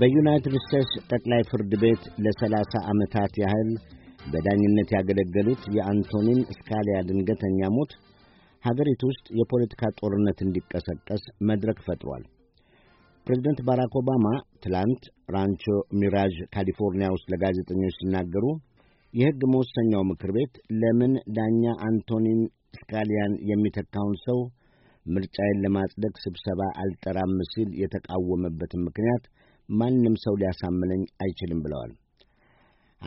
በዩናይትድ ስቴትስ ጠቅላይ ፍርድ ቤት ለሰላሳ ዓመታት ያህል በዳኝነት ያገለገሉት የአንቶኒን ስካሊያ ድንገተኛ ሞት ሀገሪቱ ውስጥ የፖለቲካ ጦርነት እንዲቀሰቀስ መድረክ ፈጥሯል። ፕሬዚደንት ባራክ ኦባማ ትላንት ራንቾ ሚራዥ ካሊፎርኒያ ውስጥ ለጋዜጠኞች ሲናገሩ የሕግ መወሰኛው ምክር ቤት ለምን ዳኛ አንቶኒን ስካሊያን የሚተካውን ሰው ምርጫዬን ለማጽደቅ ስብሰባ አልጠራም ሲል የተቃወመበትን ምክንያት ማንም ሰው ሊያሳምነኝ አይችልም ብለዋል።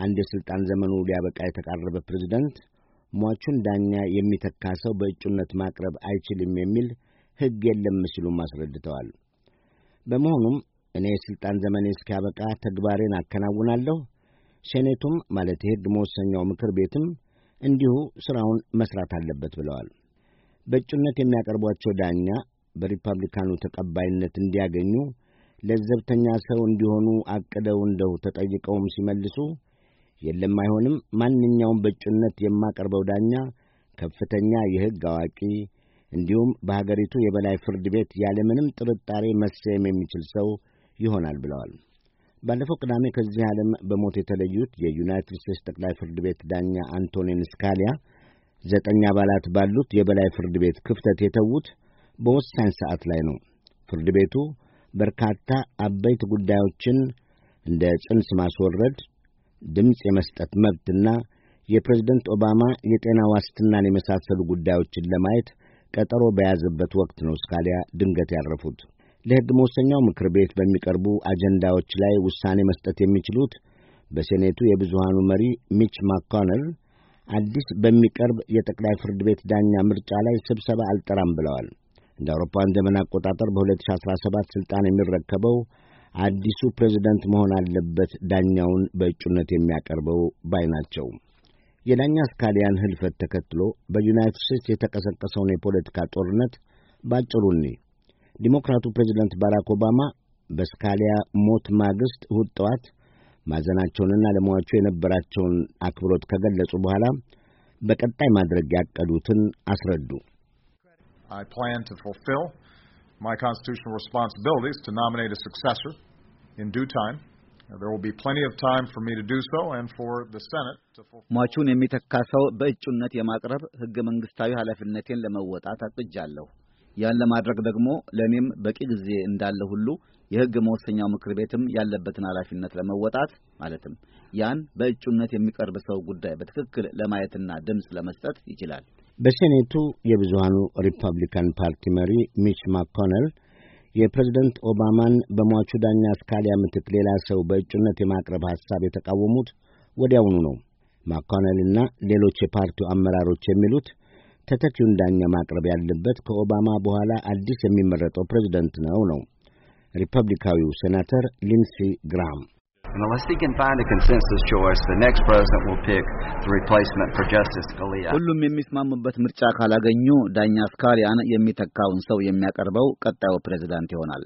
አንድ የሥልጣን ዘመኑ ሊያበቃ የተቃረበ ፕሬዝደንት ሟቹን ዳኛ የሚተካ ሰው በእጩነት ማቅረብ አይችልም የሚል ሕግ የለም ሲሉም አስረድተዋል። በመሆኑም እኔ የሥልጣን ዘመኔ እስኪያበቃ ተግባሬን አከናውናለሁ። ሴኔቱም ማለት የሕግ መወሰኛው ምክር ቤትም እንዲሁ ሥራውን መሥራት አለበት ብለዋል። በእጩነት የሚያቀርቧቸው ዳኛ በሪፐብሊካኑ ተቀባይነት እንዲያገኙ ለዘብተኛ ሰው እንዲሆኑ አቅደው እንደው ተጠይቀውም ሲመልሱ የለም አይሆንም፣ ማንኛውም በእጩነት የማቀርበው ዳኛ ከፍተኛ የሕግ አዋቂ እንዲሁም በሀገሪቱ የበላይ ፍርድ ቤት ያለምንም ጥርጣሬ መሰየም የሚችል ሰው ይሆናል ብለዋል። ባለፈው ቅዳሜ ከዚህ ዓለም በሞት የተለዩት የዩናይትድ ስቴትስ ጠቅላይ ፍርድ ቤት ዳኛ አንቶኒን ስካሊያ ዘጠኝ አባላት ባሉት የበላይ ፍርድ ቤት ክፍተት የተዉት በወሳኝ ሰዓት ላይ ነው። ፍርድ ቤቱ በርካታ አበይት ጉዳዮችን እንደ ጽንስ ማስወረድ፣ ድምፅ የመስጠት መብትና የፕሬዝደንት ኦባማ የጤና ዋስትናን የመሳሰሉ ጉዳዮችን ለማየት ቀጠሮ በያዘበት ወቅት ነው እስካሊያ ድንገት ያረፉት። ለሕግ መወሰኛው ምክር ቤት በሚቀርቡ አጀንዳዎች ላይ ውሳኔ መስጠት የሚችሉት በሴኔቱ የብዙሃኑ መሪ ሚች ማኮነል አዲስ በሚቀርብ የጠቅላይ ፍርድ ቤት ዳኛ ምርጫ ላይ ስብሰባ አልጠራም ብለዋል። እንደ አውሮፓውያን ዘመን አቆጣጠር በ2017 ሥልጣን የሚረከበው አዲሱ ፕሬዚደንት መሆን አለበት ዳኛውን በእጩነት የሚያቀርበው ባይ ናቸው። የዳኛ ስካሊያን ህልፈት ተከትሎ በዩናይትድ ስቴትስ የተቀሰቀሰውን የፖለቲካ ጦርነት ባጭሩኒ ዲሞክራቱ ፕሬዚደንት ባራክ ኦባማ በስካሊያ ሞት ማግስት እሁድ ጠዋት ማዘናቸውንና ለሟቹ የነበራቸውን አክብሮት ከገለጹ በኋላ በቀጣይ ማድረግ ያቀዱትን አስረዱ። I plan to fulfill my constitutional responsibilities to nominate a successor in due time. There will be plenty of time for me to do so and for the Senate to fulfill. ሟቹን የሚተካ ሰው በእጩነት የማቅረብ ህገ መንግስታዊ ኃላፊነቴን ለመወጣት አቅጃለሁ። ያን ለማድረግ ደግሞ ለእኔም በቂ ጊዜ እንዳለ ሁሉ የህግ መወሰኛው ምክር ቤትም ያለበትን ኃላፊነት ለመወጣት ማለትም ያን በእጩነት የሚቀርብ ሰው ጉዳይ በትክክል ለማየትና ድምፅ ለመስጠት ይችላል። በሴኔቱ የብዙሃኑ ሪፐብሊካን ፓርቲ መሪ ሚች ማኮነል የፕሬዝደንት ኦባማን በሟቹ ዳኛ ስካሊያ ምትክ ሌላ ሰው በእጩነት የማቅረብ ሐሳብ የተቃወሙት ወዲያውኑ ነው። ማኮነልና ሌሎች የፓርቲው አመራሮች የሚሉት ተተኪውን ዳኛ ማቅረብ ያለበት ከኦባማ በኋላ አዲስ የሚመረጠው ፕሬዝደንት ነው ነው ሪፐብሊካዊው ሴናተር ሊንሲ ግራም ሁሉም የሚስማሙበት ምርጫ ካላገኙ ዳኛ ስካሊያን የሚተካውን ሰው የሚያቀርበው ቀጣዩ ፕሬዝዳንት ይሆናል።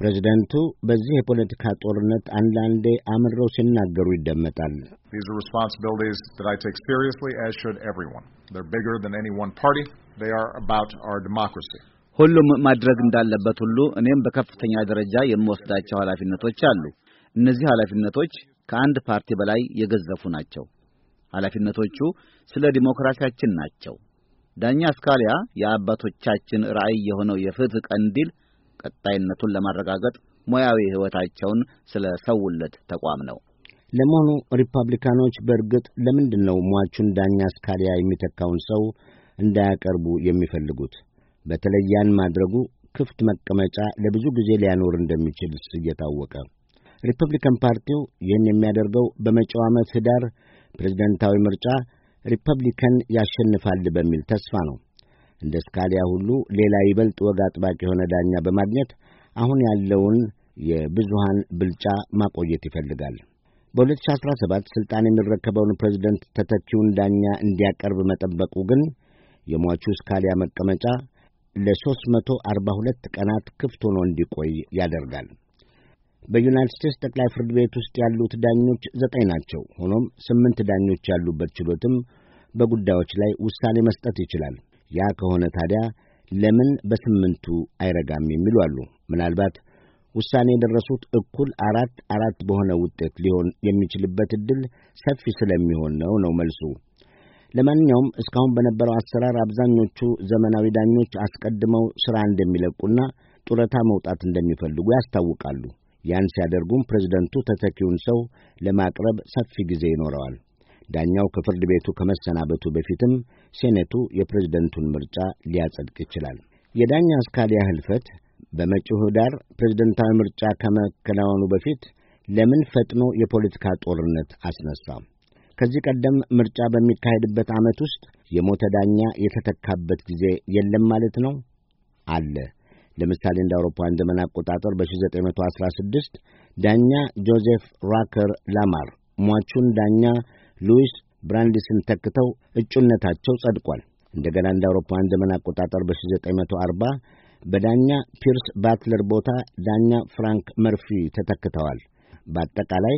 ፕሬዝደንቱ በዚህ የፖለቲካ ጦርነት አንዳንዴ አምረው ሲናገሩ ይደመጣል። ሁሉም ማድረግ እንዳለበት ሁሉ እኔም በከፍተኛ ደረጃ የምወስዳቸው ኃላፊነቶች አሉ። እነዚህ ኃላፊነቶች ከአንድ ፓርቲ በላይ የገዘፉ ናቸው። ኃላፊነቶቹ ስለ ዲሞክራሲያችን ናቸው። ዳኛ ስካሊያ የአባቶቻችን ራዕይ የሆነው የፍትህ ቀንዲል ቀጣይነቱን ለማረጋገጥ ሙያዊ ሕይወታቸውን ስለ ሰውለት ተቋም ነው። ለመሆኑ ሪፐብሊካኖች በእርግጥ ለምንድን ነው ሟቹን ዳኛ ስካሊያ የሚተካውን ሰው እንዳያቀርቡ የሚፈልጉት? በተለይ ያን ማድረጉ ክፍት መቀመጫ ለብዙ ጊዜ ሊያኖር እንደሚችል እየታወቀ ሪፐብሊካን ፓርቲው ይህን የሚያደርገው በመጪው ዓመት ህዳር ፕሬዝደንታዊ ምርጫ ሪፐብሊካን ያሸንፋል በሚል ተስፋ ነው። እንደ ስካሊያ ሁሉ ሌላ ይበልጥ ወግ አጥባቂ የሆነ ዳኛ በማግኘት አሁን ያለውን የብዙሃን ብልጫ ማቆየት ይፈልጋል። በ2017 ሥልጣን የሚረከበውን ፕሬዝደንት ተተኪውን ዳኛ እንዲያቀርብ መጠበቁ ግን የሟቹ ስካሊያ መቀመጫ ለ342 ቀናት ክፍት ሆኖ እንዲቆይ ያደርጋል። በዩናይትድ ስቴትስ ጠቅላይ ፍርድ ቤት ውስጥ ያሉት ዳኞች ዘጠኝ ናቸው። ሆኖም ስምንት ዳኞች ያሉበት ችሎትም በጉዳዮች ላይ ውሳኔ መስጠት ይችላል። ያ ከሆነ ታዲያ ለምን በስምንቱ አይረጋም የሚሉ አሉ። ምናልባት ውሳኔ የደረሱት እኩል አራት አራት በሆነ ውጤት ሊሆን የሚችልበት ዕድል ሰፊ ስለሚሆን ነው ነው መልሱ። ለማንኛውም እስካሁን በነበረው አሰራር አብዛኞቹ ዘመናዊ ዳኞች አስቀድመው ሥራ እንደሚለቁና ጡረታ መውጣት እንደሚፈልጉ ያስታውቃሉ። ያን ሲያደርጉም ፕሬዝደንቱ ተተኪውን ሰው ለማቅረብ ሰፊ ጊዜ ይኖረዋል። ዳኛው ከፍርድ ቤቱ ከመሰናበቱ በፊትም ሴኔቱ የፕሬዝደንቱን ምርጫ ሊያጸድቅ ይችላል። የዳኛ አስካሊያ ህልፈት በመጪው ዳር ፕሬዝደንታዊ ምርጫ ከመከናወኑ በፊት ለምን ፈጥኖ የፖለቲካ ጦርነት አስነሳ? ከዚህ ቀደም ምርጫ በሚካሄድበት ዓመት ውስጥ የሞተ ዳኛ የተተካበት ጊዜ የለም ማለት ነው? አለ። ለምሳሌ እንደ አውሮፓውያን ዘመን አቆጣጠር በ1916 ዳኛ ጆዜፍ ራከር ላማር ሟቹን ዳኛ ሉዊስ ብራንዲስን ተክተው እጩነታቸው ጸድቋል። እንደገና እንደ አውሮፓውያን ዘመን አቆጣጠር በ1940 በዳኛ ፒርስ ባትለር ቦታ ዳኛ ፍራንክ መርፊ ተተክተዋል። በአጠቃላይ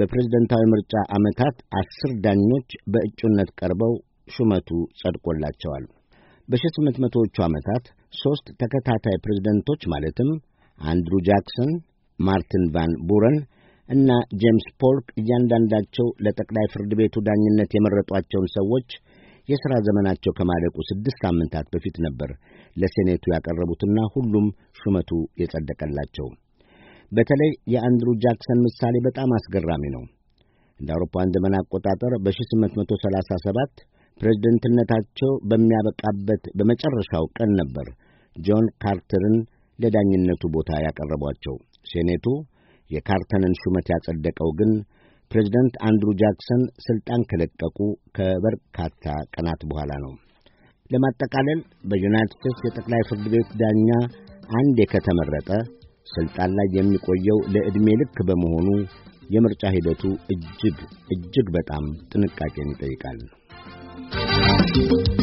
በፕሬዝደንታዊ ምርጫ ዓመታት አስር ዳኞች በእጩነት ቀርበው ሹመቱ ጸድቆላቸዋል። በ1800ዎቹ ዓመታት ሦስት ተከታታይ ፕሬዝደንቶች ማለትም አንድሩ ጃክሰን፣ ማርቲን ቫን ቡረን እና ጄምስ ፖልክ እያንዳንዳቸው ለጠቅላይ ፍርድ ቤቱ ዳኝነት የመረጧቸውን ሰዎች የሥራ ዘመናቸው ከማለቁ ስድስት ሳምንታት በፊት ነበር ለሴኔቱ ያቀረቡትና ሁሉም ሹመቱ የጸደቀላቸው። በተለይ የአንድሩ ጃክሰን ምሳሌ በጣም አስገራሚ ነው። እንደ አውሮፓውያን ዘመን አቆጣጠር በ1837 ፕሬዝደንትነታቸው በሚያበቃበት በመጨረሻው ቀን ነበር ጆን ካርተርን ለዳኝነቱ ቦታ ያቀረቧቸው። ሴኔቱ የካርተንን ሹመት ያጸደቀው ግን ፕሬዝደንት አንድሩ ጃክሰን ሥልጣን ከለቀቁ ከበርካታ ቀናት በኋላ ነው። ለማጠቃለል በዩናይትድ ስቴትስ የጠቅላይ ፍርድ ቤት ዳኛ አንዴ ከተመረጠ ሥልጣን ላይ የሚቆየው ለዕድሜ ልክ በመሆኑ የምርጫ ሂደቱ እጅግ እጅግ በጣም ጥንቃቄን ይጠይቃል። Thank you.